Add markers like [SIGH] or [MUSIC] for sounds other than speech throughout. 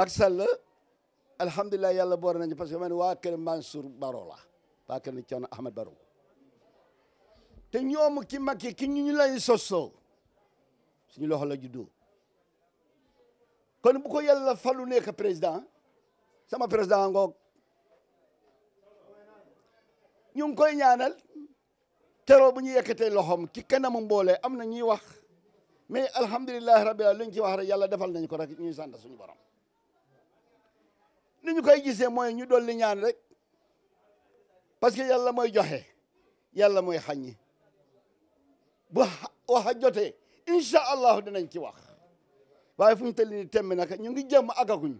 Macky Sall alhamdulilah yàlla boor nañu parce que man waa kër Mansour Baro la waa kër Thierno Ahmed Baro te ñoom ki Macky ki ñu lay sosoo suñu loxo la juddoo kon bu ko yàlla falu nekk président sama président ngoog ñu ngi koy ñaanal teroo bu ñu yekkatee loxoom ci kanamu mboole am na ñuy wax mais alhamdulilah rabbil alamin luñ ci wax rek yàlla defal nañ ko rek ñuy sant suñu borom. ni ñu koy gisee mooy ñu dolli ñaan rek parce que yàlla mooy joxe yàlla mooy xaññi bu wax a jotee incha allahu dinañ ci wax waaye fu ñu tëlli ni temb naka ñu ngi jëm àggaguñ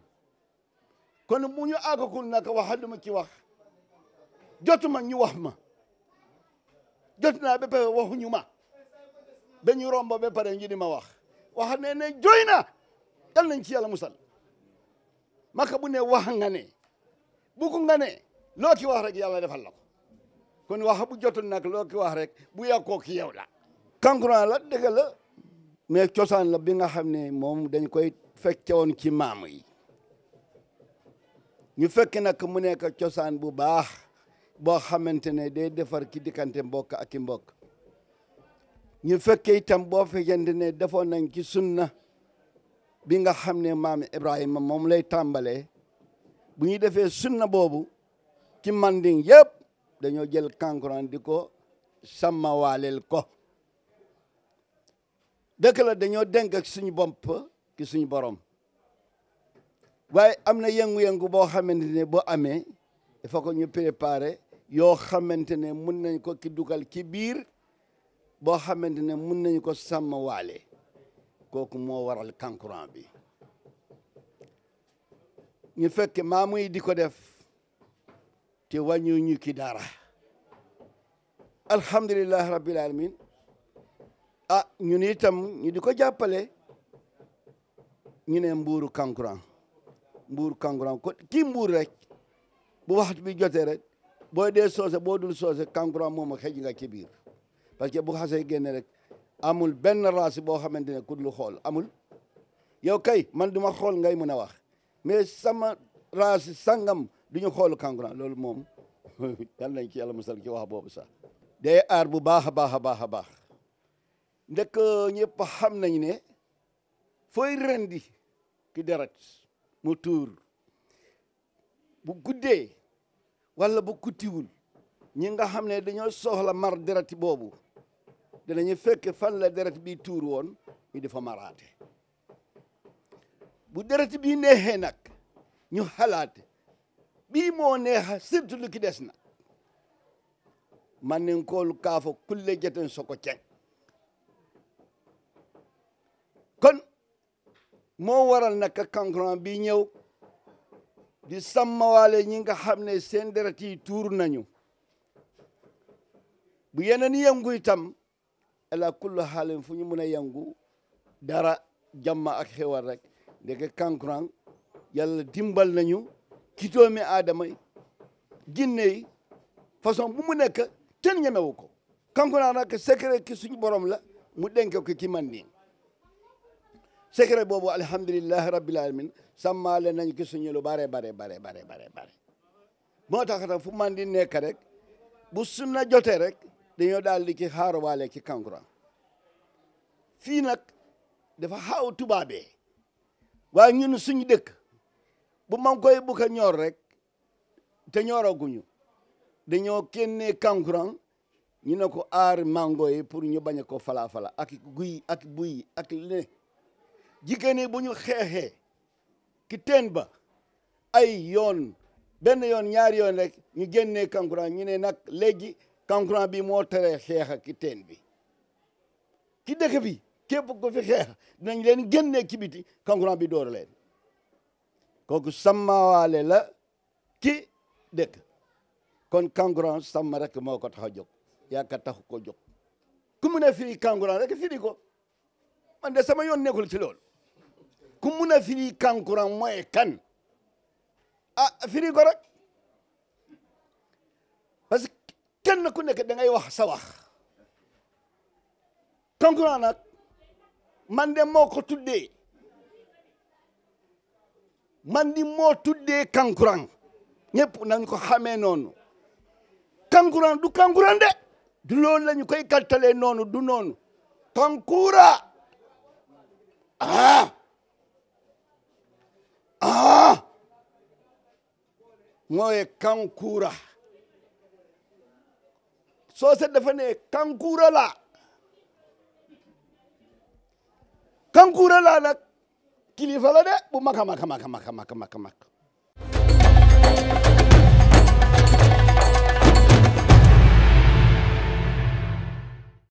kon bu ñu àggagul naka waxa duma ci wax jot jotuma ñu wax ma jot naa ba pare waxuñu ma ba ñu romb ba pare ñu di ma wax wax ne ne jooy na dal nañ ci yàlla musal maka bu ne wax nga ne bugg nga ne loo ki wax rek yàlla defal la ko kon wax bu jotul nag loo ki wax rek bu yàqoo ki yow la kankurang la dëgg la mais cosaan la bi nga xam ne moom dañ koy fekke woon ci maam yi ñu fekk nag mu nekk cosaan bu baax boo xamante ne day defar ki diggante mbokk ak i mbokk ñu fekke itam boo fekkente ne defoon nañ ci sunna bi nga xam ne maam Ibrahima moom lay tàmbalee bu ñu defee sunna boobu ki manding yëpp dañoo jël kankuran di ko sàmmawaaleel ko dëkk dañoo denk ak suñu bopp ki suñu borom waaye am na yëngu-yëngu boo xamante ne boo amee il faut que yoo xamante ne mun nañ ko ki dugal ci biir boo xamante ne mun nañu ko sàmmwaale kooku moo waral kankuran bi ñu fekk maamu yi di ko def te wàññu ñu ki daara alhamdulilah rabbil alamin ah ñun itam ñu di ko jàppale ñu ne mbuuru kankuran mbuuru kankuran ko kii mbuur rek bu waxt bi jotee rek boo dee soose boo dul soose kankuran moom a xëj nga ci biir parce que bu xasee génne rek amul ben race bo xamantene ku lu xol amul yow kay man duma xol ngay mën wax mais sama rasi sangam duñu xol kangura lol mom moom [LAUGHS] yal nañ ci yalla musal ci wax bobu sax day ar bu baax a baax baax ndek ñepp xam nañ ne foy rendi ki deret mo tour bu guddé wala bu kuttiwul ñi nga xamné soxla mar dereti bobu danañu fekk fan la deret bi tuur woon ñu dafa maraate bu deret bi neexee nag ñu xalaat bii moo neexa surtout lu ki des na man nañ koolu kaafo kulle jeten soko ceng kon moo waral nag kankuran bi ñëw di sàmmawaale ñi nga xam ne seen deret yi tuur nañu bu yeneen yëngu tam ala kulli xaalin fu ñu mën a yangu dara jàmma ak xewal rek ndeke kankurang yàlla dimbal nañu ci doomi aadama yi jinne façon bu mu nekk kenn ñemewu ko kankurang nag secret ki suñu borom la mu denke ko ci man nii secret boobu alhamdulilahi rabbil alamin sàmmaale nañ ki suñu lu bare bare bare bare bare bare moo tax fu man di nekk rek bu rek dañoo daal di ci xaaruwaale ci kankuran fii nag dafa xaaw tubaabee waa ñun suñu dëkk bu man koy bu ko ñor rek te ñoraguñu dañoo kenne kankuran ñu ne ko aar mango yi pour ñu bañ a ko falafala ak guy ak buy ak le jigéen bu ñu xeexee ki teen ba ay yoon benn yoon ñaari yoon rek ñu génnee kankuran ñu ne nag léegi kankurang bi moo tere xeex ak teen bi ci dëkk bi képp ko fi xeex dinañ leen génne ci biti kankurang bi door leen sama sàmmawaale la ci dëkk kon kankurang sàmm rek moo ko tax a jóg yaaka taxu ko jog ku mun a firi kankurang rek firi ko man de sama yoon nekkul ci loolu ku mun a firi kankurang mooy kan ah, firi ko rek parce na ku nekk da ngay wax sa wax concurrent nag man de moo ko tuddee man di moo tuddee kankurang ñëpp nañ ko xamee noonu kankurang du kankurang de du loolu la ñu koy kattalee noonu du noonu kankura ah ah kankura soose dafa ne kankuura laa kankuura laa nag kilifa la de bu mag a mag a mag